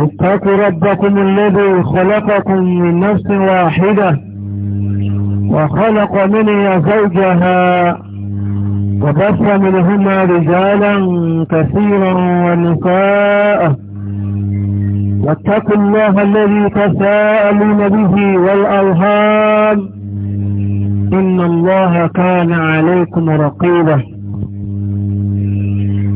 اتقوا ربكم الذي خلقكم من نفس واحدة وخلق منها زوجها وبث منهما رجالا كثيرا ونساء واتقوا الله الذي تساءلون به والأرهام إن الله كان عليكم رقيبا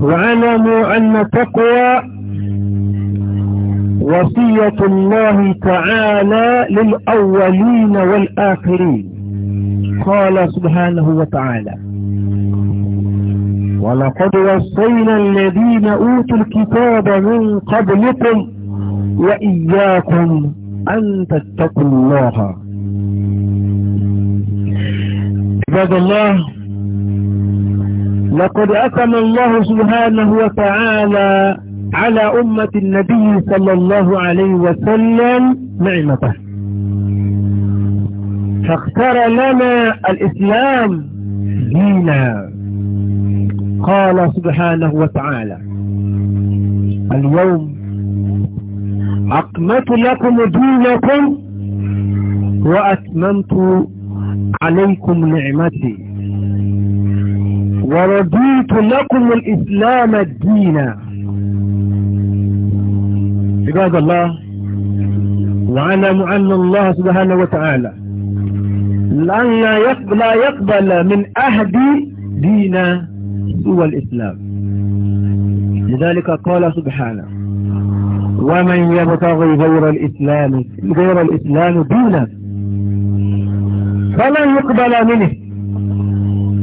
واعلموا أن تقوى وصية الله تعالى للأولين والآخرين قال سبحانه وتعالى ولقد وصينا الذين أوتوا الكتاب من قبلكم وإياكم أن تتقوا الله عباد الله لقد أتم الله سبحانه وتعالى على أمة النبي صلى الله عليه وسلم نعمته فاختار لنا الإسلام دينا قال سبحانه وتعالى اليوم أقمت لكم دينكم وأتممت عليكم نعمتي ورضيت لكم الإسلام دينا عباد الله وعلم أن الله سبحانه وتعالى لأن لا يقبل من أهد دينا سوى الإسلام لذلك قال سبحانه ومن يبتغي غير الإسلام غير الإسلام دينا فلن يقبل منه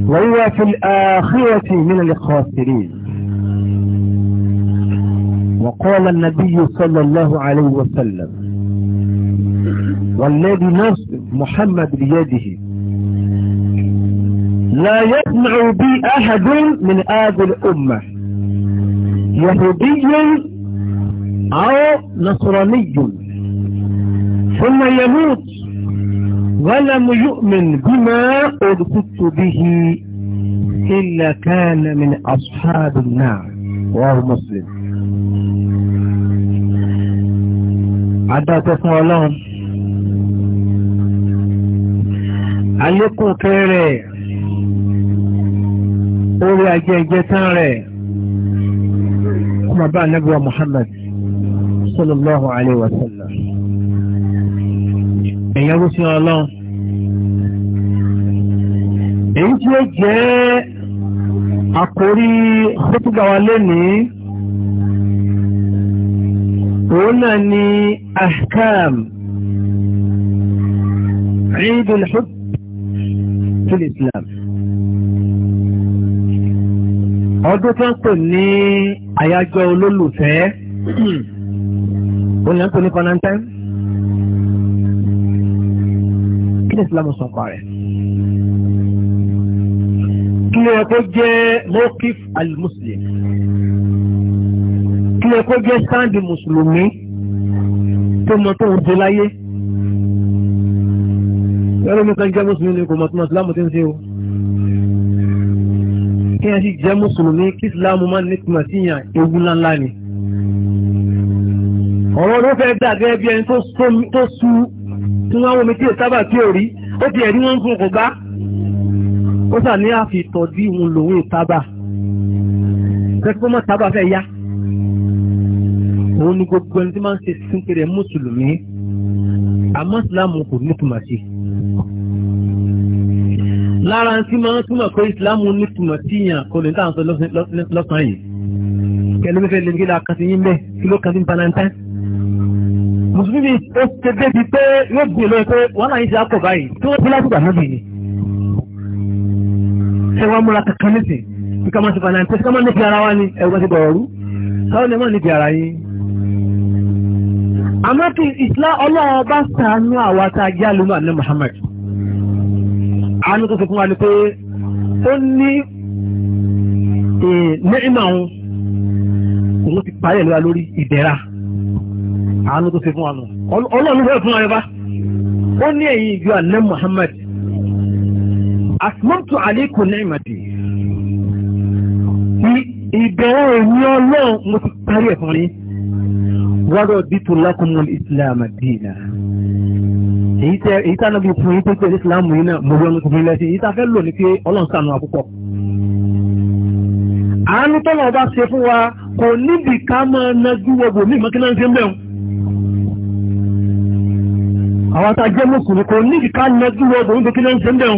وهو في الآخرة من الخاسرين وقال النبي صلى الله عليه وسلم والذي نفس محمد بيده لا يسمع بي أحد من هذه الأمة يهودي أو نصراني ثم يموت ولم يؤمن بما أرسلت به إلا كان من أصحاب النار وهو مسلم عدد فعلان عليكم كيري أولي أجيجتان ري كما بقى نبوى محمد صلى الله عليه وسلم يا رسول الله èyí tí ó jẹ́ àkórí khutba wa lénìí òun náà ni ahkam عيد الحب في الإسلام ọdún tó ń pè ní àyájọ́ olólùfẹ́ òun yẹn ń pè ní valentine kí ni Islam sọ pa rẹ̀ kí ló yẹ kó jẹ́ mokif al-muslim kí ló yẹ kó jẹ́ sáǹdì mùsùlùmí tó mọ tó ń ṣe láyé yọ́rọ̀ mi kan jẹ́ mùsùlùmí ni kò mọ̀ tó mọ̀ sílámù tí ń ṣe o kí ẹ sì jẹ́ mùsùlùmí kí sílámù máa ní tìmọ̀ sí yàn ewu ńláńlá ni ọ̀rọ̀ ló fẹ́ dà gẹ́gẹ́ bí ẹni tó sú tí wọ́n á wọ́n mi tí ò sábà tí ò rí ó ti ẹ̀rí wọn fún kò gbá ó sà ní àfi ìtọ́jú ìhun lòun ìtaba tẹ́kọ́mọ́ tábà fẹ́ yá òun ni gbogbo ẹni tí máa ń ṣe sínkiri mùsùlùmí àmọ́ ìsìláàmù kò nítumọ̀ sí lára tí máa ń túmọ̀ pé ìsìláàmù nítumọ̀ sí yàn kò lè dáhùn sọ lọ́sàn-án yìí kẹlẹ́mẹ́fẹ́ lè nílá kan sí yín bẹ́ẹ̀ kí ló kan sí balantine mùsùlùmí ó ṣe débi pé yóò gbìyànjú pé wàhálà yìí ṣe á pọ̀ báyìí tí wọ́n ti lágbàdo náà bì ní ẹwà múra kankan nísìn bí ká máa ti fàlàyé pé ká máa níbi ara wa ni ẹwà bá ti bọ̀rọ̀ rú káwọn lè máa níbi ara yín. àmọ́ kí ìsìlá ọlọ́run bá sàánú àwa tá a jẹ́ àlùmọ́ àná Muhammad àánú tó fi fún wa ni pé ó ní nẹ́ẹ̀mà òun òun ti parí ẹ̀lú wa lórí ìdẹ̀ra àánú tó fi fún wa nù ọlọ́run fẹ́ fún wa yẹn bá ó ní ẹ̀yìn ìjọ àná Muhammad àtúntò àlékún ní ìmọ̀dé ìbẹ̀rẹ̀ ní ọlọ́run mo ti parí ẹ̀fọn rí wọ́dọ̀ dìtò lákùnmọ́ ìsìlámù dìínà èyí tá náà bí fún yí tó pé ìsìlámù yìí náà mo rí ọmọ tuntun lẹ́sìn èyí tá fẹ́ lò ní pé ọlọ́run ṣàánú àkókò àánú tọ́lọ̀ ọba ṣe fún wa kò níbi ká máa nájú wọgbò ní ìmọ̀kí náà ń ṣe ń bẹ̀rù àwọn tá jẹ́ mùsùlùmí kò níbi ká nájú wọgbò ní ìmọ̀kí ṣe ń bẹ̀rù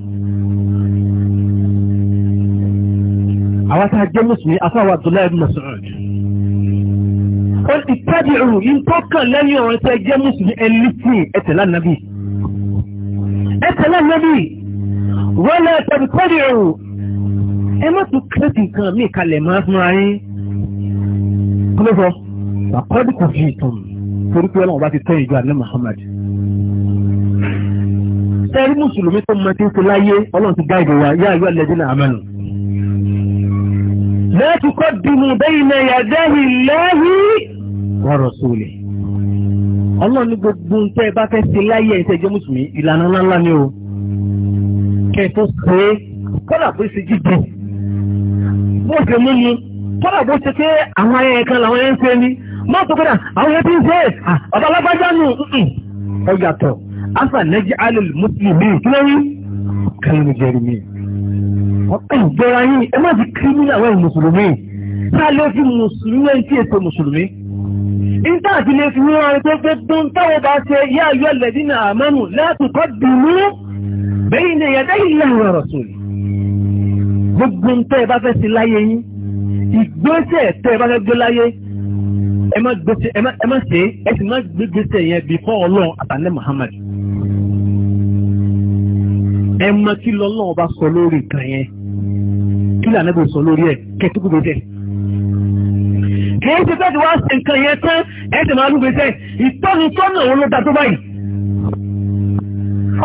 àwọn tá a jẹ́ mùsùlùmí afáwà Abdullahi ibn Mas'ud ó ti tẹ́bi òrù yìí tó kàn lẹ́yìn ọ̀rọ̀ tẹ́ jẹ́ mùsùlùmí ẹlẹ́sìn ẹ̀tẹ̀lá nàbì ẹ̀tẹ̀lá nàbì wọ́n lẹ́ tẹ́bi tẹ́bi òrù ẹ má tún kírètì nǹkan mí kalẹ̀ máa fún ara yín kí ló sọ àkọ́dù kò fi ìtàn torí pé ọlọ́run bá ti tẹ́ ìjọ àná Muhammad ẹ̀rí mùsùlùmí tó mọ لا تقدموا بين يدي الله ورسوله ọlọ́run ní gbogbo tẹ́ bá fẹ́ ṣe láyé ẹ̀ṣẹ́ jẹ́ mùsùlùmí ìlànà ni tó pé bó ṣe jíjẹ bó ṣe mú bó ṣe pé àwọn ayẹyẹ kan làwọn ń ṣe ni má tó àwọn ti ń ṣe alágbájá nù ọ̀yàtọ̀ nẹ́jì alẹ́ mùsùlùmí kí jẹ́rìí mi. jọra yín ẹ má ti kírímínà wẹ́ẹ̀ mùsùlùmí tá a lè fi mùsùlùmí ẹni tí èso mùsùlùmí. níta àti lè fi wúra ẹni tó fẹ́ tó ń táwọn bá ṣe yá ayọ́ ẹlẹ́dín náà àmọ́nù látùkọ́ dùnú bẹ́yìn ni ẹ̀yà dáyìí láwọn ọ̀rọ̀ sórí. gbogbo ntẹ́ ẹ bá fẹ́ sí láyé yín ìgbésẹ̀ tẹ́ ẹ bá fẹ́ gbé láyé ẹ má ṣe ẹ sì má gbèsè yẹn bífọ́ ọlọ́run àtàlẹ́ ẹ má kí lọ́lọ́run bá sọ lórí ìkànnì yẹn kí lànà bò sọ lórí ẹ̀ kẹtùkù gbèsè kìí ṣe tẹ́tí wá ṣe nǹkan yẹn tán ẹ̀ẹ́dẹ̀ máa lúgbèsè ìtọ́ni tọ́nà òun ló da tó báyìí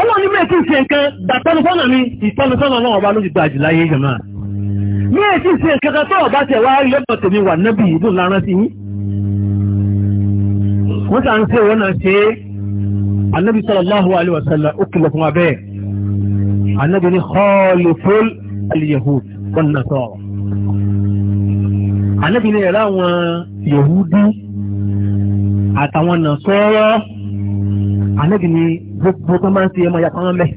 ọlọ́run ní mẹ́ẹ̀kì ṣe nǹkan dàtọ́ni tọ́nà mi ìtọ́ni tọ́nà náà ọba ló ti gba àjùlá yé jẹ̀mọ́ mẹ́ẹ̀kì ṣe nǹkan kan tó ọba tẹ̀ wá lẹ́pọ̀ tèmi wà nábì ìbùn lára sí yín wọ́n sàn ṣe ṣe al-yahud wan nasara ànábì ní ẹ̀rọ àwọn yahudi àtàwọn nasara ànábì ní gbogbo tó máa ń ṣe ẹmọ yàtọ̀ wọn bẹ́ẹ̀.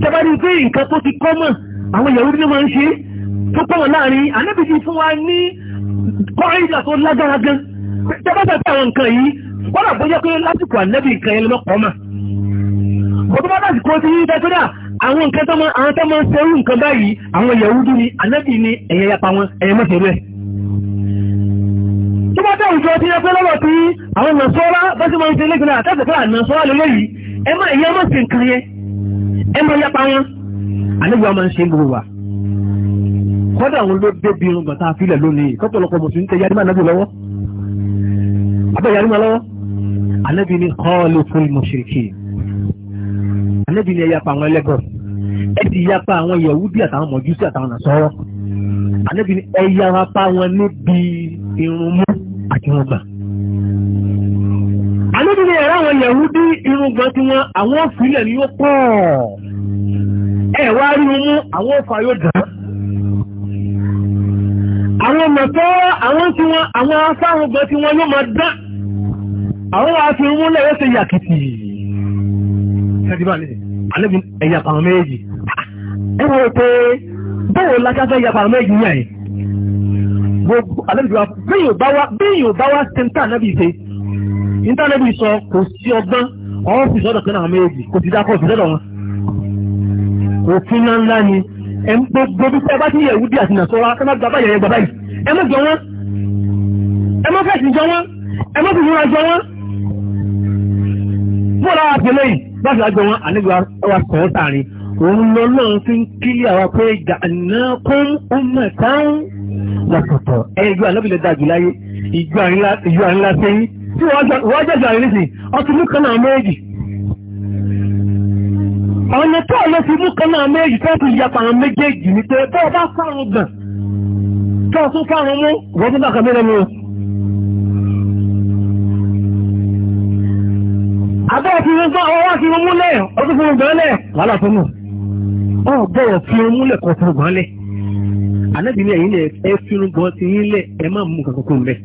tẹ́bá ní pé nǹkan tó ti kọ́ mọ̀ àwọn yahudi ní máa ń ṣe tó kọ́ wọn láàrin ànábì ti fún wa ní kọ́ńtà tó lágbára gan tẹ́bá tẹ́tẹ́ àwọn nǹkan yìí wọ́n rà bóyá pé lásìkò ànábì nǹkan yẹn lọ́kọ̀ọ́ mà. bọ́dọ̀ bá lásìkò ti yí dájúdá àwọn nǹkan tó máa tó máa ń ṣerú nǹkan báyìí àwọn Yahudi ni anábì ni ẹ̀yẹ yapa wọn ẹ̀yẹ mọ́sẹ̀ rẹ̀ tó bá tẹ́ òjò ti yẹ pé lọ́wọ́ tí àwọn nàṣọ́rá bá sí máa ń ṣe lẹ́gbẹ̀ẹ́ àtẹ́sẹ̀ pé ànàṣọ́rá lélẹ́ yìí ẹ máa ẹ̀yẹ mọ́sẹ̀ nǹkan yẹn ẹ máa yapa wọn anábì wọn máa ń ṣe gbogbo wa kọ́dà àwọn ló dé bí irun gbọ̀ta àfilẹ̀ lónìí kọ́pọ̀lọpọ̀ mùsùlùmí anábì ni ẹ yapa àwọn ẹlẹ́gọ̀ ẹ ti yapa àwọn yahudi àtàwọn mọ̀júsí àtàwọn nàṣọ́rọ́ anábì ni ẹ yapa wọn níbi irun mú àti wọn gbà. anábì ni ẹ̀rọ àwọn yahudi irun tí wọn àwọn òfìlẹ̀ ni ó pọ̀ ẹ wá àwọn òfà yóò dán. àwọn mọ̀tọ́ àwọn tí wọn àwọn afáwọn tí wọn yóò máa dán àwọn wa lẹ́yọ́ ṣe yàkìtì. Ṣé ti bá nílẹ̀? àlẹ́bí ẹ̀yà pàmò méjì ẹ wọ́n pé bóun lákàtà ẹ̀yà pàmò méjì yẹn gbogbo àlẹ́bí wa bíyìn bá wá bíyìn bá wá sẹ́ńtà àlẹ́bí ṣe níta àlẹ́bí sọ kò sí ọgbọ́n ọ̀hún fi sọ́dọ̀ kan àwọn méjì kò sí dákọ̀ sí sọ́dọ̀ wọn òfin náà ńlá ni ẹ ń gbogbo bí sẹ́ bá ti yẹ̀wú díà sí nàṣọ́ra ẹ má gba báyẹ̀ yẹn gba báyìí ẹ má jọ wọn báṣe àjọ wọn ànígbà wa kọ̀ ọ́ tààrin òun lọ náà fi ń kílí àwa pé gànà kún ọmọ táwọn lọ́tọ̀ọ̀tọ̀ ẹgbẹ́ alábìlẹ̀ dàgbì láyé ìjọ àrínlá sẹ́yìn tí wọ́n jẹ́jọ àrínlá sí ọtún mú kan náà méjì ọ̀nà tó ọ̀lọ́ fi mú kan náà méjì tó fi yapa àwọn méjèèjì ní pé tó bá fárun gàn tó tún fárun mú wọ́n tún bá kan mẹ́rẹ̀ mú gbọ́ ọwọ́ àti wọn múlẹ̀ ọdún fún gbọ́n lẹ̀ wàhálà tó nù ọ gbọ́rọ̀ fi wọn múlẹ̀ kọ fún gbọ́n lẹ̀ anábìlẹ̀ yìí lẹ̀ ẹ fi wọn gbọ́n ti yín lẹ̀ ẹ má mú kankan kó mbẹ́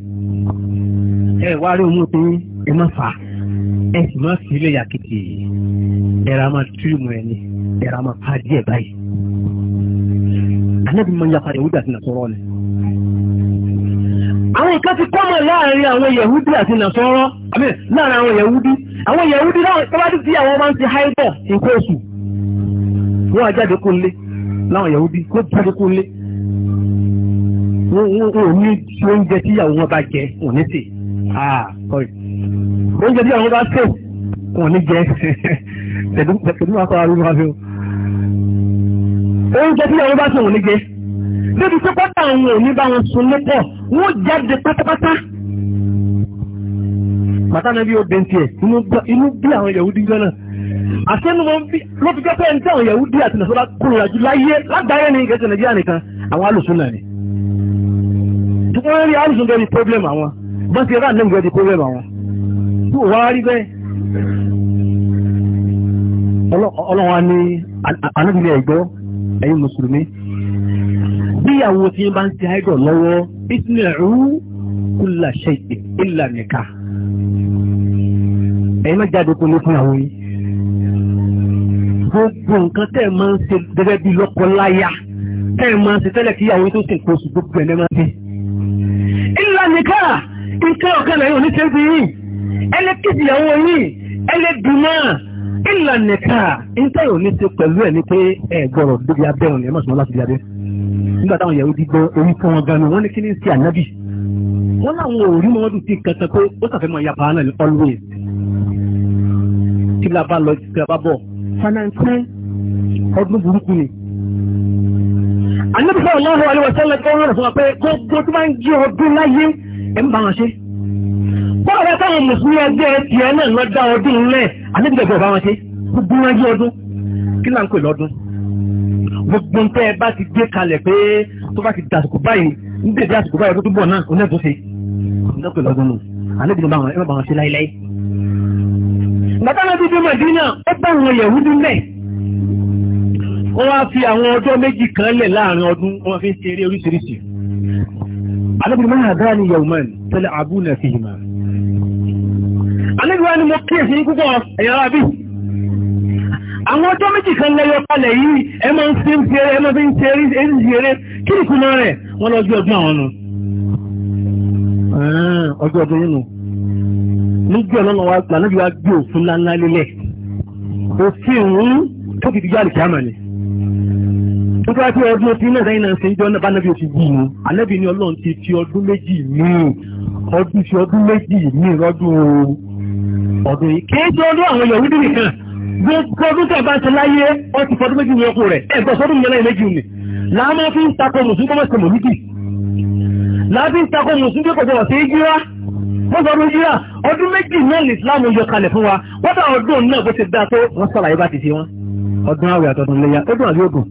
ẹ wá rí òun ti ẹ má fà ẹ sì má fi ilé yàkìtì ẹ̀rọ àmà tírìmù ẹni ẹ̀rọ àmà pàdé ẹ̀ báyìí anábìlẹ̀ yàpàdé ó dàtí nà sọ̀rọ̀ ni àwọn nǹkan ti kọ́mọ̀ láàrin àwọn yẹ̀húdí àti nàṣọ́rọ́ láàrin àwọn yẹ̀húdí àwọn yẹ̀húdí tọ́bátí tí àwọn máa ń ti haibọ̀ nǹkan oṣù wọ́n á jáde kó lé láwọn yẹ̀húdí kó jáde kó lé wọ́n ò ní oúnjẹ tí ìyàwó wọn bá jẹ wọn ní sè ah, oúnjẹ tí ìyàwó wọn bá sè wọn ní jẹ pẹ̀lú àkọ́ arúgbó wa fi o oúnjẹ tí ìyàwó bá sè wọn ní jẹ débi tó pátá àwọn òní bá wọn sun ní pọ̀ wọ́n jáde pátápátá bàtà náà bí ó bẹ́ntì ẹ̀ inú bí àwọn Yahudi gbẹ́ náà àṣẹ́nu wọn bí ló fi gbẹ́pẹ́ ní àwọn Yahudi àti nàṣọ́lá kúròyà jù láyé lágbàáyé ní ìgbésẹ̀ Nàìjíríà nìkan àwọn alùsùn náà ni tí wọ́n rí alùsùn gẹ́gẹ́ bí problem àwọn bọ́n ti rà nẹ́mù gẹ́gẹ́ bí problem àwọn tí ò wá rí bẹ́ẹ̀ ọlọ́wọ́n á ní anábìlẹ̀ ẹ̀gbọ́ ẹ̀yin mùsùlùmí bíyàwó tí ń bá ń ti àìdọ̀ lọ́wọ́ ìtìlẹ̀rú kúlà ṣe ìlà nìka ẹ̀yin má jáde kó lé fún àwọn yìí gbogbo nǹkan tẹ́ ẹ̀ máa ń ṣe gẹ́gẹ́ bí lọ́kọ-láya tẹ́ ẹ̀ máa ń ṣe tẹ́lẹ̀ kíyàwó tó sì kó oṣù gbogbo ẹ̀ máa ń ṣe. ìlà nìka nǹkan ọ̀kan lẹ́yìn oníṣẹ́bí yìí ẹlẹ́kìtì ìyàwó yìí ẹlẹ́dùnmá ìlà nìka nǹkan ò ní ṣe pẹ̀lú ẹ̀ ní pé ẹ̀ gbọ́dọ̀ débi abẹ́ òní ẹ̀ má sọ nígbà táwọn Yahudi gbọ́ orí fún wọn ganu wọ́n ní kí ní sí ànábì wọ́n láwọn ò rí mọ́mọ́dù sí kankan pé ó sàfẹ́ mọ́ ìyapa náà ní always tíbla bá lọ tíbla bá bọ̀ fananṣẹ́ ọdún burúkú ni. ànábì sọ̀rọ̀ lọ́wọ́ àlewọ̀ sẹ́lẹ̀ tó ń rọ̀ fún wa pé gbogbo tó bá ń jí ọdún láyé ẹ̀ ń bá wọn ṣe. bọ́ọ̀ rẹ táwọn mùsùlùmí ẹgbẹ́ tiẹ̀ náà lọ ọdún lẹ̀ ànábì gbẹ̀gbẹ̀ ọ̀bá wọn ṣe gbogbo wọn jí ọdún kí là ń pè lọ́dún gbogbo tẹ́ ẹ bá ti gbé kalẹ̀ pé tó bá ti dàsìkò báyìí ń dèdè àsìkò báyìí tó túbọ̀ náà oní ẹ̀tún ṣe lọ́pẹ̀ lọ́dún nù àlejò bá wọn ẹ bá wọn ṣe láíláí. bàtàlá bíbí Mẹdínà ó bá wọn Yẹ̀húdí mẹ́ wọ́n wá fi àwọn ọjọ́ méjì kan lẹ̀ láàrin ọdún wọ́n fi ń ṣe eré oríṣiríṣi. àlejò máa dá ní yawman tẹ́lẹ̀ abúlé fi hìmà ọjọ́ méjì kan lẹ́yọ kalẹ̀ yìí ẹ máa ń fi ń fẹ́rẹ́ ẹ máa fi ń ṣe eréjì eré kí ni kúmọ́ rẹ̀ wọ́n lọ́jọ́ ọdún àwọn nù. ọjọ́ ọdún yìí nù nígbà ọlọ́run wa gbà náà bí wàá gbé òfin ńláńlá lélẹ̀ òfin òun tó fi di yáàlì kíámà ni tó bá tí ọdún tí náà sẹ́yìn náà ṣe ń jọ náà bá náà bí o ti wù ú ànábì ni ọlọ́run ti fi ọdún méjì míì ọdún fi ọdún méjì míì lọ́dún ọdún yìí kí é jọ ọdún àwọn yòówù nìkan gbogbo ọdún tẹ̀ bá ti láyé ọ ti fọdún méjì ní ọkọ rẹ̀ ẹ̀gbọ́n sọdún mìíràn méjì ni láàmú fi ń takò mùsùlùmí kọ́mọ̀ sí mòlídì láàbí ń takò mùsùlùmí kò sọ̀rọ̀ sí jíra wọ́n sọ ọdún jíra ọdún méjì náà ní Islam yọ kalẹ̀ fún wa wọ́n bá ọdún náà bó ti dá tó wọ́n sọ̀rọ̀ ayébá ti ṣe wọn. ọdún àwẹ̀ àtọ̀dún léyà ó dùn àbí ó dùn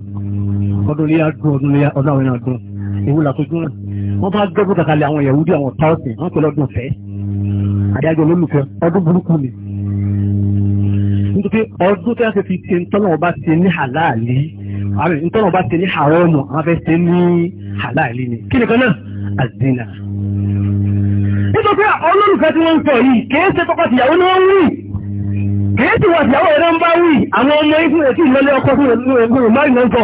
ọdún léyà dùn ọdún léyà ọdún àwẹ̀ náà dùn èwo làkójú náà wọ́n bá gbẹ́gbẹ́ kàkàlẹ̀ àwọn Yahudi àwọn táwọ̀sì wọ́n pẹ̀lú ọdún fẹ́ adájọ́ lólùfẹ́ ọdún burúkú ni sí pé ọdún tí wọ́n ti fi ṣe ntọ́nà bá ṣe ní àláàlí ntọ́nà bá ṣe ní àrọ́ọ̀mù àwọn fẹ́ ṣe ní àláàlí ni kí nìkan náà àdínà. nítorí pé olólùfẹ́ tí wọ́n ń sọ yìí kìí ṣe tọkọ tìyàwó ni wọ́n ń wí kìí ti wà tìyàwó ẹ̀rọ ń bá wí àwọn ọmọ ìfún ètí ìlọlẹ́ ọkọ fún ẹgbẹ̀rún márùn náà sọ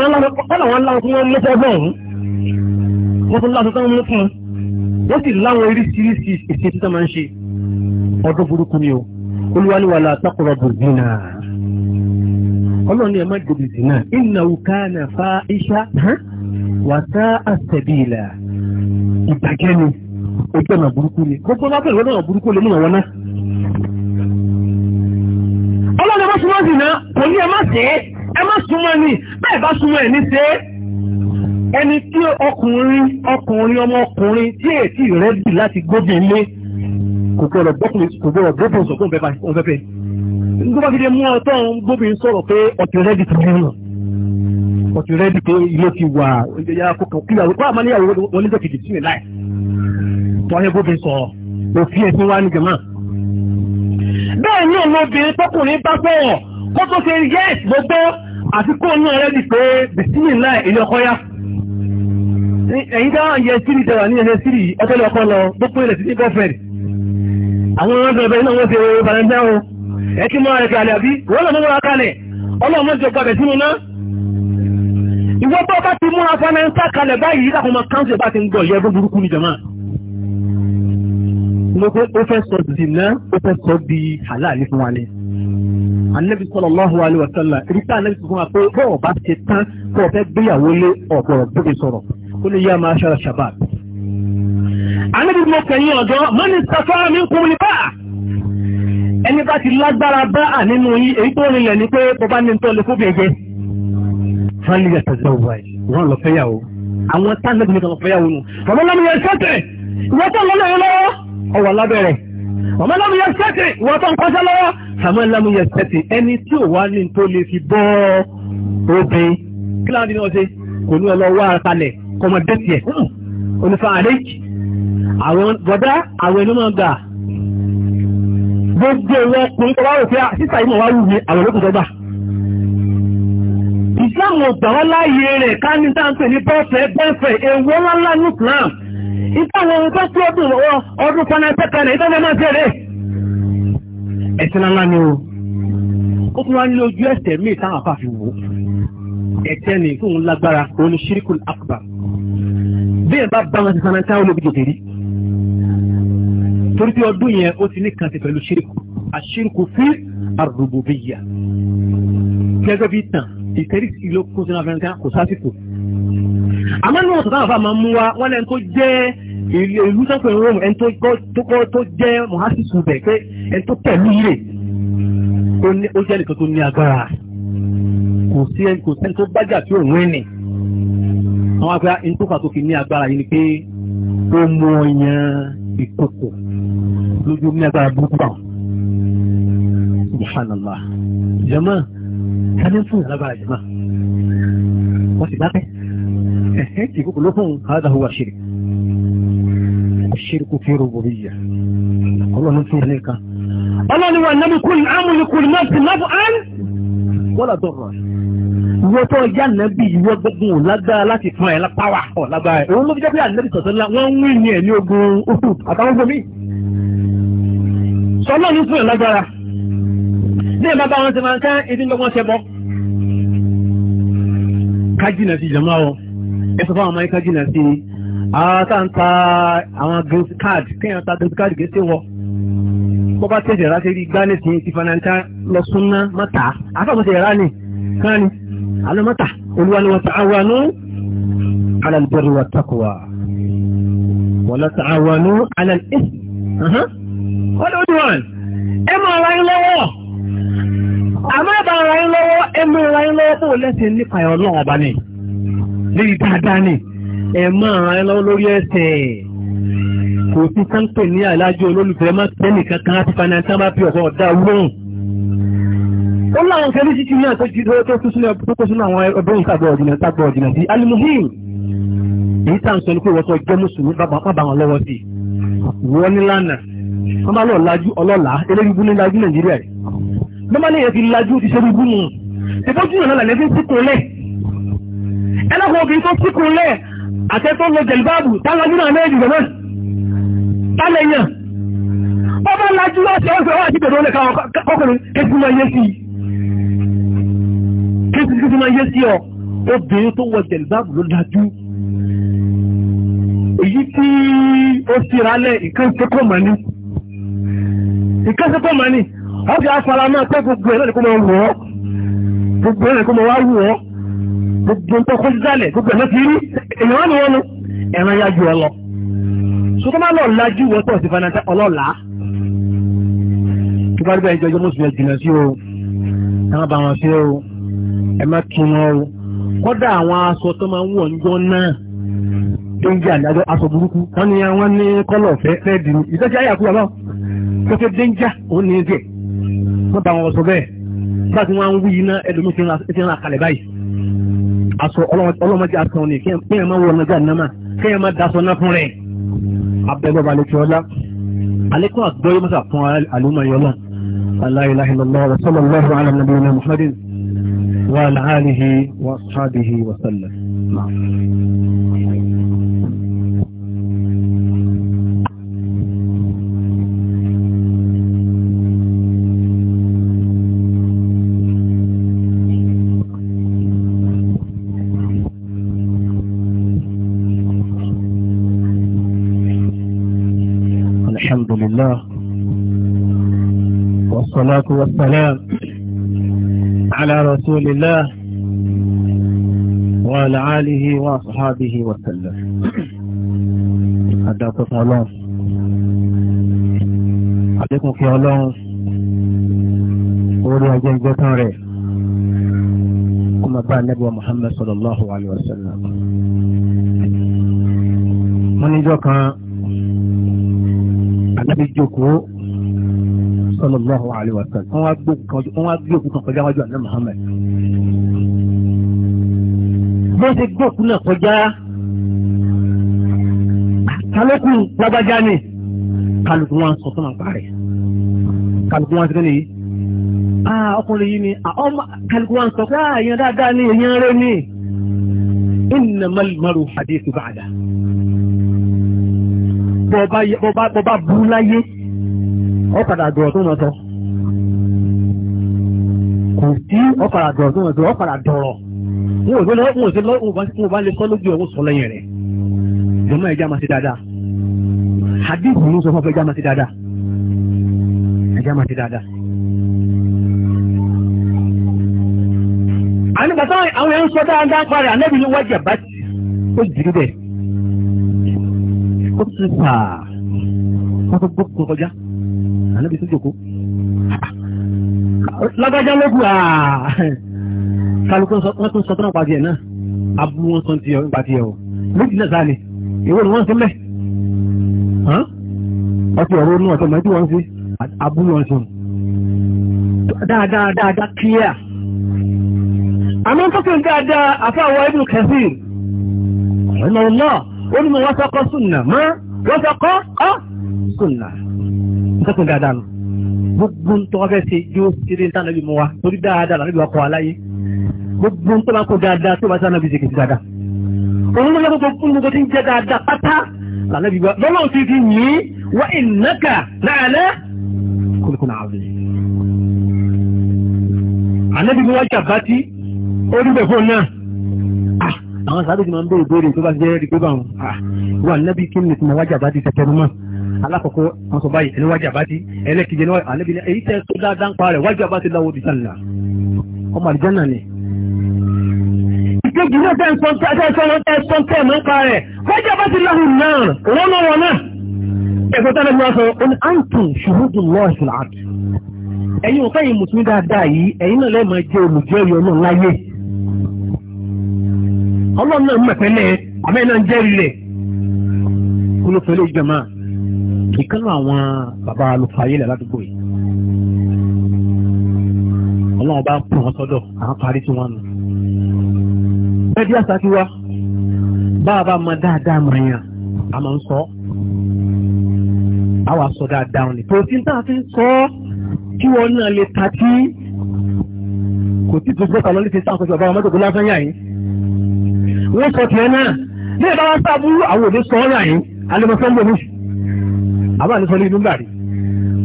wọ́n làwọn láwọn fún wọn mẹ́tẹ́ bọ́ọ̀hún wọ́n tún láwọn tó tán mú fún wọn wọ́n sì láwọn oríṣiríṣi ìṣètí tó máa ń ṣe ọdún burúkú ni o olúwani wà látàkùrọ̀ bù zina ọlọ́ni ẹ̀ má dèbè zina innahu kana fa'isha wa sa'a sabila ìbàjẹ́ ni ojú ọ̀nà burúkú ni gbogbo bá bẹ̀rẹ̀ ọ̀nà burúkú lè níwọ̀n náà. ọlọ́ni bá súnmọ́ zina kò ní ẹ má ṣe é ẹ má súnmọ́ ni bẹ́ẹ̀ bá súnmọ́ ẹ̀ ní ṣe ẹni tí ọkùnrin ọkùnrin ọmọ tí èyí rẹ̀ bì láti gbóbi lé kò gbọ́dọ̀ gbọ́kùnrin kò gbọ́dọ̀ gbọ́kùnrin sọ fún òun fẹ́fẹ́ òun fẹ́fẹ́ nígbà bá fi dé mú ọtọ́ ń gbóbìnrin sọ̀rọ̀ pé ọ̀tún rẹ́dì ti rìn ọ̀tún rẹ́dì pé ilé ti wà kíyàwó kó àmàlẹ́ ìyàwó wọn nígbà kejì sílẹ̀ láì tọ́yẹ gbóbìnrin sọ̀rọ̀ òfin ẹ̀sìn wa ní jẹ̀mọ́. bẹ́ẹ̀ ni ọmọ obìnrin tọkùnrin bá sọ̀rọ̀ kó tó ṣe yẹ́s gbogbo àti kó ní ọ̀rẹ́dì pé bìsílẹ̀ láì ilé ọkọ yá ẹ̀yin dá yẹ sírì dẹ̀wà ní ẹ̀sẹ̀ sírì ọkọ̀ lọ gbogbo ilẹ̀ sí ní gọ́fẹ̀rì àwọn ọmọ bẹ̀rẹ̀ iná wọ́n ti rẹ̀ bàrẹ̀dá o mm. ẹ ti máa ẹ̀kẹ́ àlẹ́ àbí wọ́n lọ́mọ́ múra kalẹ̀ ọlọ́mọ jẹ gbàgbẹ̀ sínú náà ìwọ bọ́ bá ti múra fọ́nẹ́ńtà kalẹ̀ báyìí lákùnmọ́ káńsì bá ti ń gọ̀ yẹ ẹgbẹ́ burúkú ni jama mo pé ó fẹ́ sọ dìnnà ó fẹ́ sọ di àláàlì fún wa ni anabi sallallahu alaihi wa sallam erita anabi sọ fún wa pé bọ́ọ̀ bá ti tán kó o fẹ́ gbéyàwó lé ọ̀pọ̀ ọ̀gbọ́n sọ̀rọ̀ ó ní yá máa ṣára shabab anábì mo kẹ̀yìn ọ̀dọ́ mọ́ni sàfáà mi kún ní báà ẹni bá ti lágbára báà nínú yín èyí tó rinlẹ̀ ni pé bọ́bá ní tó lè fóbi ẹgbẹ́ fáìlì yàtọ̀ gbọ́ wáyé wọ́n lọ fẹ́yàwó àwọn tánàbì nìkan lọ fẹ́yàwó nù ọmọlọ́mù yẹn sẹ́tẹ̀ ìwọ́tọ̀ lọ́lọ́ yẹn lọ́wọ́ ọwọ́ lábẹ́rẹ̀ ọmọlọ́mù yẹn sẹ́tẹ̀ ìwọ́tọ̀ ń kọ́sẹ́ lọ́wọ́ sàmọ́lọ́mù yẹn sẹ́tẹ̀ ẹni tí ò wá ní tó lè fi bọ́ obìnrin kíláàdì náà ṣe kò ní ọlọ́wọ́ ara kalẹ̀ kọmọdé tiẹ̀ hmm. onífàárẹ́kì àwọn bọ̀dá àwọn ẹni máa gbà gbogbo wọn kò ń tọ́wọ́ òfin sísà ìmọ̀ wá wùmí àwọn olókùn tọ́gbà islam ò gbà wọ́n láàyè rẹ̀ ká ní táǹpẹ̀ ní bọ́ọ̀fẹ́ bọ́ọ̀fẹ́ èèwọ̀ ńláńlá ní islam ìtàwọn ohun tó kúrò dùn lọ́wọ́ ọdún panáńpẹ́ kan náà ìtàwọn máa bẹ̀rẹ̀ ẹ̀sìn ńlá ni o ó tún wá ní ojú ẹsẹ̀ míì táwọn àfààfin wò ẹ̀tẹ́ ni ìkóhun lágbára òun ni shirikul akbar bẹ́ẹ̀ bá bá wọn ti sanná táwọn olóbi jòkè rí torí pé ọdún yẹn ó ti ní kan ti pẹ̀lú ṣírìkù àṣírìkù fi àrùbùbíyà gẹ́gẹ́ bí tàn ìtẹ́rí ìlú kó sínú afẹ́ńtà kò sásìkò àmọ́ ní wọn sọ̀tàn àfà máa mú wa wọn lẹ́nu tó jẹ́ ìlú sọ́kùn ìrọ̀mù ẹni tó kọ́ tó jẹ́ mọ̀hásìkù bẹ̀ pé ẹni tó tẹ̀lú ilé ó jẹ́ nìkan tó ní agbára kò sí ẹni kò sẹ́ni tó bájà tí òun ẹni àwọn afẹ́ ìtòkà tó fi ní agbára yìí ni pé ó mú ọyàn ìkòkò lójú ní agbára burúkú bá subhanallah jama kálí fún ìlágbára jama wọ́n ti dákẹ́ ẹ̀hẹ́ tí ìkòkò ló fún ṣírí ṣírí kò fi rògbò bí yà ọlọ́run fún ìlẹ́ kan ọlọ́run wà nábì kúrò náà ti náà ìwọ tó yá nàbí ìwọ gbogbo lágbára láti fún ẹ lápáwà ọ lágbára ẹ òun ló fi jẹ́ pé ànábì sọ̀tọ́ ńlá wọ́n ń wí ní ẹ̀ ní ogun Uhud àtàwọn ogun mi. sọlọ́ ní fún ẹ lágbára ní ẹ̀ má bá wọn ṣe máa ń ká ẹni lọ́gbọ́n ṣe bọ́. kájínà sí jàmá o ẹ sọ fún àwọn ọmọ yẹn kájínà sí àwọn tá ń ta àwọn green card kéèyàn ta green card gẹ́sẹ̀ wọ bọ́bá tẹ̀sẹ̀ rà sí rí gbá nísìnyí ti fanata lọ súnná mọ́ta àfàkùnṣe rà alamata olúwani wa ta'awanu ala al-birri wa taqwa wala ta'awanu ala al-ithmi ọdún ọdún wọn ẹ máa ra yín lọ́wọ́ àmọ́ ẹ̀bà ra yín lọ́wọ́ ẹ máa ra yín lọ́wọ́ bóò lẹ́sẹ̀ nípa ẹ̀ ọlọ́run ọba ni lórí dáadáa ni ẹ máa ra yín lọ́wọ́ lórí ẹsẹ̀ kò sí sáńpẹ̀ ní alájọ olólùfẹ́ má tẹ́nì kankan láti fanáńtà má fi ọ̀gá ọ̀dá wọ́n ó láwọn kẹrí sí ti ní àtọ́jú tó kú sínú tó kú sínú àwọn ẹgbẹ́ ìtàgbọ̀ ọ̀dìnà ìtàgbọ̀ ọ̀dìnà sí alimuhim èyí tá à ń sọ ní pé wọ́n sọ jẹ́ mùsùlùmí bàbá bá wọn lọ́wọ́ sí wọ́n ní lánàá wọ́n bá lọ lajú ọlọ́lá eléyìí bú ní lajú nàìjíríà rẹ̀ bọ́n bá léyìn ti lajú ti ṣe bí bú mu ìbójú ìrànlọ́ làlẹ́ fi síkunlẹ̀ ẹlẹ́kọ̀ọ́ obìnrin tó síkunlẹ̀ tó lè káwọn kọ́kùnrin kéjì máa yé sí kéjì kéjì máa yé sí ọ obìnrin tó wọ jẹ̀lbáàbù ló dájú èyí tí ó síra lẹ̀ ìkẹ́sẹ́kọ̀ mọ́ ni ìkẹ́sẹ́kọ̀ mọ́ ni ó fi afárá máa pẹ́ gbogbo ẹ̀ lọ́dẹ̀ kó máa wọ̀ ọ́ gbogbo ẹ̀ kó máa wá wọ̀ ọ́ gbogbo ẹ̀ tó bá rí bẹ́ẹ̀ jọjọ́ mùsùlùmí ẹ̀jìnà sí o táwọn bá wọn sí o ẹ má kí wọn o kọ́dà àwọn aṣọ tó máa ń wọ̀ níjọ́ náà tó ń jẹ́ àdájọ́ aṣọ burúkú wọ́n ní wọ́n ní kọ́lọ̀ fẹ́ fẹ́ dì ní ìtọ́jú ayé àkúrò àbáwọ̀ tó fẹ́ dénjà òun ní ẹ̀jẹ̀ wọ́n bá wọn sọ bẹ́ẹ̀ bá ti wọ́n ń wí iná ẹlòmíì ti ń ra kalẹ̀ báyìí aṣọ ọlọ́mọdé aṣọ ni kéèyàn máa wọ ọ̀nà jà nàmà kéèyàn máa daṣọ náà fún rẹ̀ abẹ́gbọ́ba lè fi ọlá alẹ́kùn àgbọ́yé mọ́sà fún àlùmọ̀ yọlọ́n لا إله إلا الله وصلى الله على نبينا محمد وعلى آله وأصحابه وسلم نعم والصلاة والسلام على رسول الله وعلى آله وأصحابه وسلم أدى تصالون عليكم في الله orí ajé ìgbẹ́tàn rẹ̀ kó máa bá nẹ́bọ̀ Muhammad sallallahu alayhi wa sallam. wọ́n níjọ́ kan anábì jókòó sallallahu alaihi wa sallam wọ́n wá gbé òkú kan kọjá wájú àná Muhammad bó ṣe gbé òkú náà kọjá kálókù lágbájá ni kálukú wọn sọ fún àpá rẹ̀ kálukú wọn ti kí ni ọkùnrin yìí ni kálukú wọn sọ pé àyàn dáadáa ni èyàn rẹ̀ ni innamal maru hadithu ba'da bọ́ba burú láyé ọ̀kadà àgọ̀rọ̀ tó mọ̀ sọ kò sí ọ̀kadà àgọ̀rọ̀ tó mọ̀ sọ ọ̀kadà dọ̀rọ̀ wọn ò lọ́wọ́ wọn ò sí lọ́wọ́ wọn bá lè sọ lójú ọ̀wọ́ sọ lẹ́yìn rẹ̀ jọmọ ẹja máa ti dáadáa hadith ló sọ fún ọfẹ ẹja máa ti dáadáa ẹja máa ti dáadáa. ànígbàtà àwọn ẹ̀ń sọ dáadáa parí ànábì ní wájú ẹ̀bá ti ó jìrì bẹ́ẹ̀ ó ti fà á wọ́n tó gbókùn kọjá ànábì tó jòkó lágbájá ló kù àà kálukú wọn tún sọ tó náà pàdé ẹ̀ náà abúrú wọn sọ ti ẹ̀ pàdé ẹ̀ o méjì náà sáà ni ìwé ni wọ́n sọ mẹ́ ọtí ọ̀rọ̀ inú ọ̀tọ̀ mẹ́tí wọ́n sí abúrú wọn sọ dáadáa dáadáa clear àmọ́ tó kí n dáadáa àfáwọ̀ ibùn kẹfì ọ̀nà ọ̀nà ó ní mo wọ́n sọ́kọ́ sùnà mọ́ wọ́n sọ́kọ́ ọ́ sùnà sẹ́kùn dáadáa nù gbogbo ń tọ́wọ́ fẹ́ ṣe yóò ṣeré ní sànàbí mu wa torí dáadáa lànàbí wa kọ́ aláyé gbogbo ń tọ́ bá kó dáadáa tó bá sànàbí ṣe kìí dáadáa òun ló yẹ kó fún gbogbo tí ń jẹ́ dáadáa pátá lànàbí wa lọ́nà òsì ti yí wa ìnáka láàlẹ́ kúlùkùn àbí. ànàbí mi wá jàbátí ó rí bẹ̀ fún náà ah, àwọn sábẹ́ ti máa ń bẹ̀rẹ̀ bẹ̀rẹ̀ tó bá jẹ́ rí pé báwọn ah, wà nábì kí ni tí mo wá jàbátí tẹ̀tẹ̀ alákọ̀ọ́kọ́ wọn sọ báyìí ẹni wájú àbátí ẹlẹ́kìjẹ ní àlẹ́bí èyí tẹ́ tó dáadáa ń parẹ̀ wájú àbátí láwọ́ òdìsá nìlá ọmọ àlùjànnà ni. ìkejì náà tẹ́ sọ́n tẹ́ sọ́n tẹ́ sọ́n tẹ́ mọ́ ń parẹ̀ wájú na náà òun wọn náà. ẹ̀kọ́ tẹ́lẹ̀ mi ẹ̀yin mùsùlùmí dáadáa yìí ẹ̀yin náà jẹ́ ọlọ́run àmẹ́ náà ń jẹ́rìí kúlófẹ́lẹ́ ìjọba ìkànnì àwọn bàbá alùpàyè lẹ̀ ládùúgbò yìí ọlọ́run bá pọ̀ wọn sọ́dọ̀ àwọn parí tí wọ́n nù. ẹbí àṣà ti wá bá a bá mọ dáadáa mọ̀ yẹn a máa ń sọ a wà sọ dáadáa ni tòsí tá a fi ń sọ kí wọn náà lè ta tí kò tí tó gbọ́ta lọ́lẹ́ ti sáà sọ́jọ́ ọba mọ́tò tó lásán yà yín wọ́n sọ tiẹ̀ náà ní ìbára sábú àwọn òde sọ ọ́ yà yín alẹ́ mọ́ sọ́ńdọ̀ mi àbá ní sọ ní inú gbàrí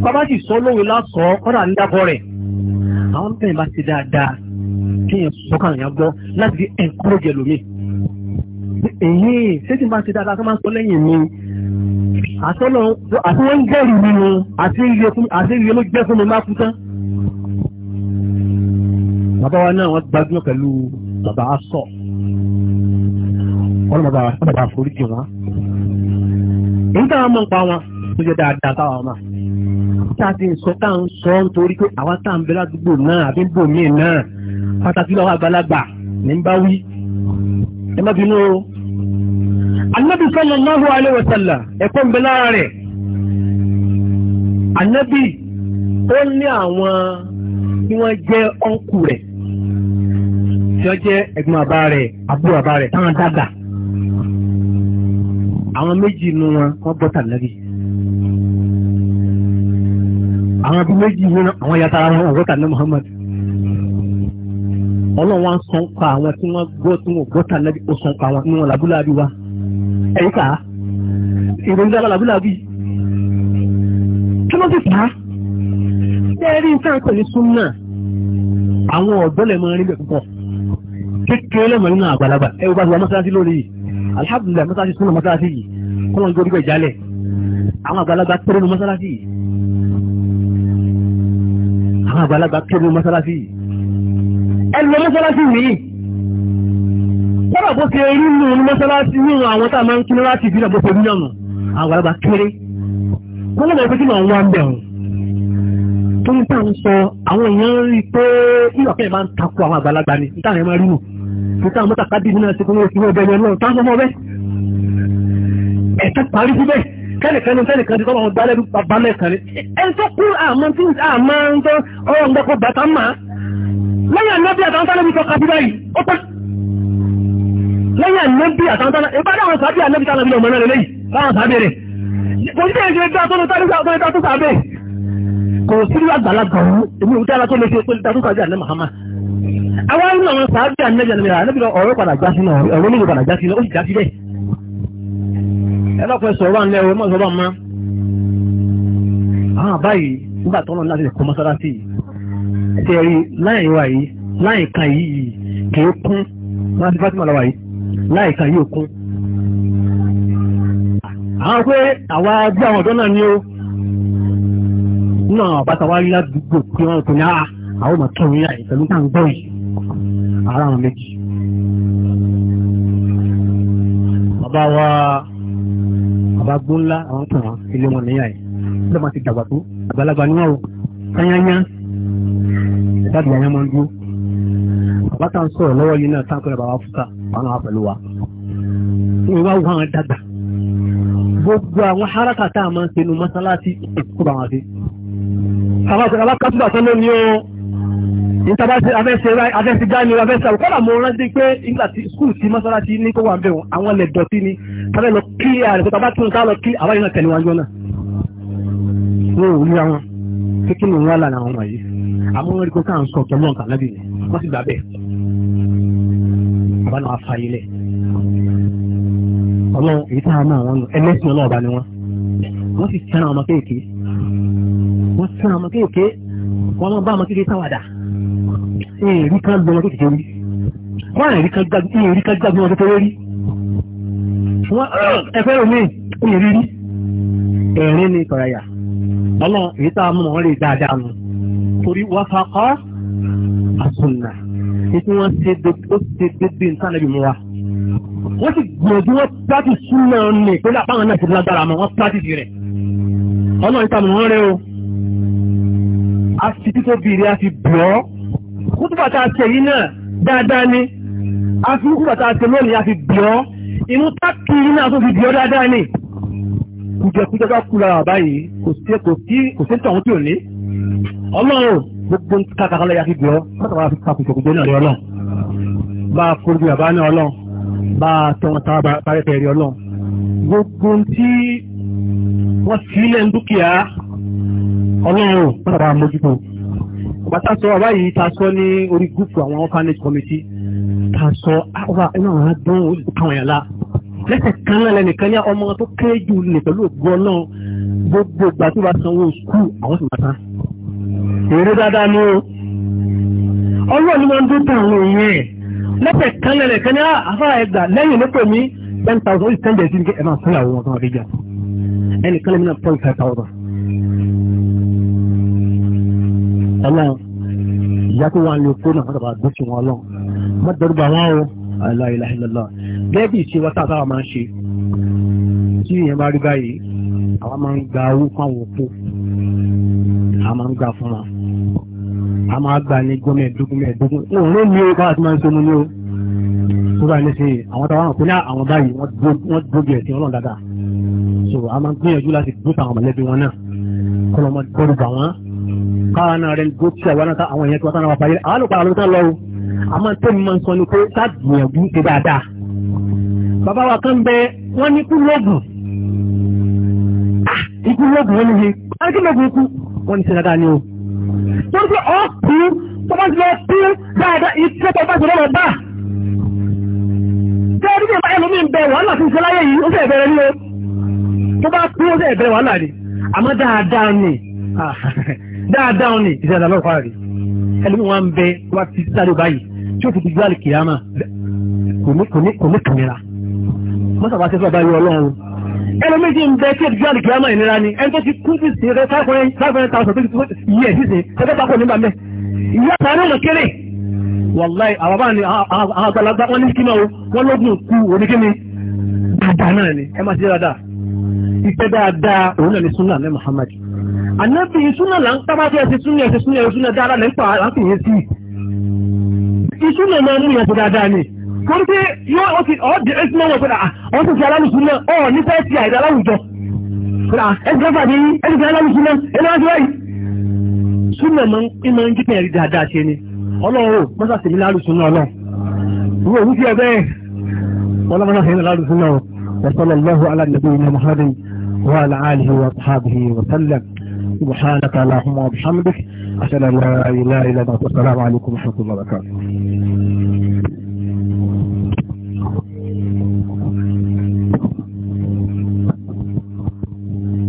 bàbá sì sọ lówe lásọ kọ́dà ń dákọ rẹ̀ àwọn mẹ́rin bá ti dáadáa kéèyàn sọ́kàn yẹn gbọ́ láti fi ẹ̀ńkọ́rọ̀jẹ̀ lómi èyí ṣéjì bá ti dáadáa kó máa sọ lẹ́yìn mi àtọ́nà àti wọ́n ń jẹ́rì nínú àti iye ló jẹ́ fún mi má kú tán bàbá wa náà wọ́n gbajúmọ̀ pẹ̀lú bàbá asọ̀ wọ́n bàbá àforíjì wọn èyí táwọn mọ̀ ń pa wọn tó jẹ́ dáadáa táwọn ọmọ tá a ti ń sọ tá à ń sọ nítorí pé àwa tá à ń bẹ ládùúgbò náà àbí ń bò míì náà pàtàkì lọ́wọ́ àgbàlagbà ní bá wí ẹ má bínú o. Ànábì sallallahu alaihi wa sallam ẹ̀kọ́ ń bẹ lára rẹ̀ Ànábì ó ní àwọn tí wọ́n jẹ́ ọ̀nkù rẹ̀ tí wọ́n jẹ́ ẹ̀gbọ́n àbá rẹ̀ àbúrò àbá rẹ̀ táwọn dàgbà àwọn méjì nu wọn wọ́n bọ́tà lẹ́bi àwọn ibi méjì nínú àwọn yàtọ̀ ara wọn ọ̀gọ́ta ní Muhammad ọlọ́run wa ń sọ pa àwọn tí wọ́n gbọ́ tí wọ́n gbọ́ta lẹ́bi ó sọ pa àwọn tí wọ́n làbúlàbí wa ẹ̀yìn kà á ìròyìn dára làbúlàbí kí ló ti fà á tẹ́rí nǹkan pẹ̀lú súnmọ́ àwọn ọ̀dọ́ lẹ̀ máa rí bẹ̀ púpọ̀ kékeré lẹ́mọ̀ nínú àgbàlagbà ẹ bá ti wà mọ́sálásí lórí yìí alihamudulilayi mọ́sálásí súnmọ́ mọ́sálásí yìí kọ́lọ́n àwọn àgbàlagbà kéré mọ́sálásí yìí ẹnu mọ́sálásí yìí kọ́nà bó ṣe rí nù ní mọ́sálásí nínú àwọn tá a máa ń kíni láti ìbílẹ̀ bó ṣe rí nànà àwọn àgbàlagbà kéré wọ́n lọ́mọ ìpínlẹ̀ àwọn wa ń bẹ̀ wọn tó ń tà ń sọ àwọn èèyàn rí pé ìwàkẹ́ máa ń takò àwọn àgbàlagbà ni nítawọn ẹ̀ máa rí nù nítawọn mọ́tàkádìí náà ṣe fún wọn fi wọ́n bẹ̀ yẹn lọ́rùn táwọn ọmọ bẹ́ẹ̀ ẹ̀ka parí síbẹ̀ kẹ́nìkẹ́ni tẹ́nìkan ti tọ́ ọmọ gbálẹ́rú bàbá mẹ́kan ni ẹni tó kú àmọ́ tí àmọ́ ń tọ́ ọ̀rọ̀ ń gbẹ́kọ̀ bàtà mà lẹ́yìn ànábì àtàwọn tánàbí tọ́ kàbí báyìí ó pẹ́ lẹ́yìn ànábì àtàwọn tánàbí ìbára àwọn sábì ànábì tánàbí ọmọ náà lélẹ́yìí láwọn sábì rẹ̀ kò sí èyí ṣe dá tó tó sábẹ́ kò sí àgbàlagbà ọ̀hún èmi ò dára tó lè ṣe pé dá tó sábì ànábì Muhammad àwọn àwọn sábì ànábì ànábì ọ̀rọ̀ padà já sí náà ọ̀rọ̀ nílò padà já ó sì já ẹlọ́pẹ́ sọ̀rọ̀ ànlẹ́ o mọ̀ sọ̀rọ̀ àmọ́ àwọn ah, àbáyìí nígbà tọ́nà láti kọ́ mọ́sálásí ti ẹ̀rí láì wà yìí láì ka yìí kì í kún máa ti Fatima lọ́wọ́ yìí láì ka yìí ò kún. àwọn pé àwa bí àwọn ọ̀dọ́ náà ni ó nínú àwọn àbáta wá rí ládùúgbò pé wọn kò ní àá ah, àwọn ọmọ tó ń yá yìí pẹ̀lú tá à ń gbọ́ yìí ara àwọn méjì. bàbá wa bàbá gbóńlá àwọn tàn án ilé wọn níyà yìí ló máa ti dàgbà tó àgbàlagbà ni wọn o tányányá ìdádìí àyàn máa ń dúró bàbá tá à ń sọ̀rọ̀ lọ́wọ́ yìí náà táǹkì rẹ̀ bàbá fúta àwọn àwọn pẹ̀lú wa wọn wá wọn dàgbà gbogbo àwọn haraka tá a máa ń senu mọ́sálásí kó bá wọn sí. kàwá sọ̀rọ̀ alákàtúntà tó lónìí o nítabàtí afẹ́sẹ̀ gánirò afẹ́sẹ̀ àwòkọ́là mo rántí pé nígbà tí skul ti mọ́sálásí ní kó wà bẹ̀rù àwọn ilẹ̀ ni tàbí lọ kí ààrẹ tó tàbá tún sáà lọ kí àwárí náà tẹ̀léwájú náà wọn ò rí àwọn pé kí ni wọn là láwọn wọ̀nyí àmọ́ wọn rí kó káà ń sọ tọ́lọ́ nǹkan lábì ni wọ́n sì gbà bẹ́ẹ̀ bàbá náà fa ilẹ̀ ọlọ́run èyí tá a máa wọn ẹlẹ́sìn ọlọ́ọ̀bá ni wọ́n wọ́n sì fẹ́ràn ọmọ kéèké wọ́n fẹ́ràn ọmọ kéèké wọ́n máa bá ọmọ kéèké sáwàdà èèrí kan lọ́wọ́ kéèké rí wọ́n àìrí kan gbàgbé wọn kékeré rí wọ́n ẹ̀fẹ́ omi òye rírí ẹ̀rín ni kọ̀ọ̀yà ọlọ́ èyí tá a mú wọn lè dáadáa mu torí wọ́n fakọ́ àtúnà ètò wọn ṣe ó ṣe dédé nǹkan ẹ̀bí mu wa wọ́n sì gbìyànjú wọ́n pàtì súnmọ́ ní pẹ̀lú àpáwọn náà ti lágbára mọ́ wọ́n pàtì rẹ̀ ọlọ́ ìta mú wọn rẹ o a fi títọ́ bìrì a fi bọ̀ ọ́ kútùbà tá a ṣe yìí náà dáadáa ni a fi kútùbà tá a ṣe lónìí a fi bọ̀ ọ́ inú tákìrì náà tó fi di ọ́ dáadáa ní kùjẹkùjẹ bá kú lára báyìí kò sí kò sí kò sí tọ̀hún tí ò ní ọlọ́run gbogbo kàkàkà lẹ́yà fi gbọ́ pátápátá fi kàkùjọ gbogbo náà rí ọlọ́run bá a forí bí bàbá náà ọlọ́run bá a tọ́wọ́n tá a bá rẹ̀ fẹ́ rí ọlọ́run gbogbo tí wọ́n fi ilẹ̀ ń dúkìá ọlọ́run pátápátá mójútó bàtà sọ ta sọ àwa inú àwọn adán káwọn yàn la lẹ́sẹ̀ kan náà lẹ́nìkan ní ọmọ tó kéré jù lè pẹ̀lú ògbó náà gbogbo ìgbà tó bá sanwó sùkúù àwọn sì máa san. èrè dáadáa ni o ọlọ́ọ̀ni wọn ń dún tàn àwọn èèyàn ẹ̀ lẹ́sẹ̀ kan náà lẹ́nìkan ní ah, àfáà ẹgbà lẹ́yìn ló pè ten thousand ten tẹ́ǹdẹ̀ sí ní ẹ̀ máa fúnyàwó wọn tó máa fi jà ẹnìkan lẹ́mìnà point five thousand. ọlọ́run ìyá tó wà ní okó náà wọ́n dàbà dúkìá má dẹ́rùbà wọn o mm. aláìláìlọ́lá gẹ́gẹ́ ìṣe wọ́n tàbí àwọn máa ń ṣe tí èèyàn bá rí báyìí àwọn máa ń gba owó fún àwọn òpó a máa ń gba fún wa a máa gba ní gbọ́n mẹ́ẹ̀ẹ́dógún mẹ́ẹ̀ẹ́dógún òun ló ní o bá a ti máa ń ṣe mu ní o tó bá ní ṣe àwọn táwọn àpò ní àwọn báyìí wọ́n gbógi ẹ̀sìn ọlọ́run dáadáa so a máa ń gbìyànjú láti gbó tàwọn mọ̀lẹ́bí wọn náà kọ́lọ́mọ gbọ́dọ̀ bà wọ́n káwọn náà rẹ̀ ń gbó tí àwọn èèyàn tí wọ́n tán náà wà báyìí àwọn àlùkò àlùkò àmọ́ tẹ́mi máa ń sọ ni pé ká gbìyànjú ṣe dáadáa bàbá wa kan bẹ wọ́n ní kú lóògùn ikú ah, lóògùn wọ́n ní ṣe ẹgbẹ́ lóògùn ikú wọ́n ní ṣe dáadáa ni o tó ń pẹ́ ọ́ kú tó bá ti lọ kú dáadáa iṣẹ́ tó bá ti lọ́wọ́ bá jẹ́ ọdún yẹn bá ẹlòmíì bẹ wàhálà tó ń ṣe láyé yìí ó fẹ́ bẹ̀rẹ̀ ni o tó bá kú ó fẹ́ bẹ̀rẹ̀ wàhálà ni àmọ́ dáadáa ni ah, dáadáa ni ìṣẹ̀dá lọ́kọ̀ọ́ rẹ̀ ẹlòmíì wọn bẹ wá ti sáré báyìí tí ó fi ti gbáàlì kìyàmà kò ní kàmíra mọ́sàbá ṣe fún àbáyọ ọlọ́run ẹlòmíì ti ń bẹ tí ó ti gbáàlì kìyàmà ìnira ni ẹni tó ti kú sí sí rẹ five hundred thousand tó ti tó yẹ sísè ẹgbẹ́ tako nígbà mẹ́ ìyá sàánú ọ̀nà kéré wàláì àwọn bá ní àgbàlagbà wọn ní kíma o wọn lógun kú oníkíni dáadáa náà ni ẹ má ti dáadáa ìfẹ́ dáadáa òun náà ni sunnah ní Muhammad ànábì ìsúná là ń tábà bí ẹsẹ̀ súnú ẹsẹ̀ súnú ẹsẹ̀ súnú dáadáa lẹ́ńpà láti yẹn sí ìsúná máa mú yẹn sí dáadáa ni torí pé yóò ó ti di ẹsẹ̀ ah, náà wọ̀ pé àwọn tó fi alálùsúná ọ̀ ní fẹ́ẹ́ ti àìdá láwùjọ ẹsẹ̀ kẹfà ní ẹsẹ̀ fi alálùsúná ẹni wájú wáyìí súnà máa ń jíkẹ́ ẹ̀rí dáadáa ṣe ni ọlọ́run mọ́sàsìmí lálùsúná ọlọ́run wọ́n òun fi ẹ̀ bẹ́ẹ̀ wọ́n lọ́mọ́sàsìmí وعلى آله وأصحابه وسلم سبحانك اللهم وبحمدك أشهد أن لا إله إلا أنت السلام عليكم ورحمة الله وبركاته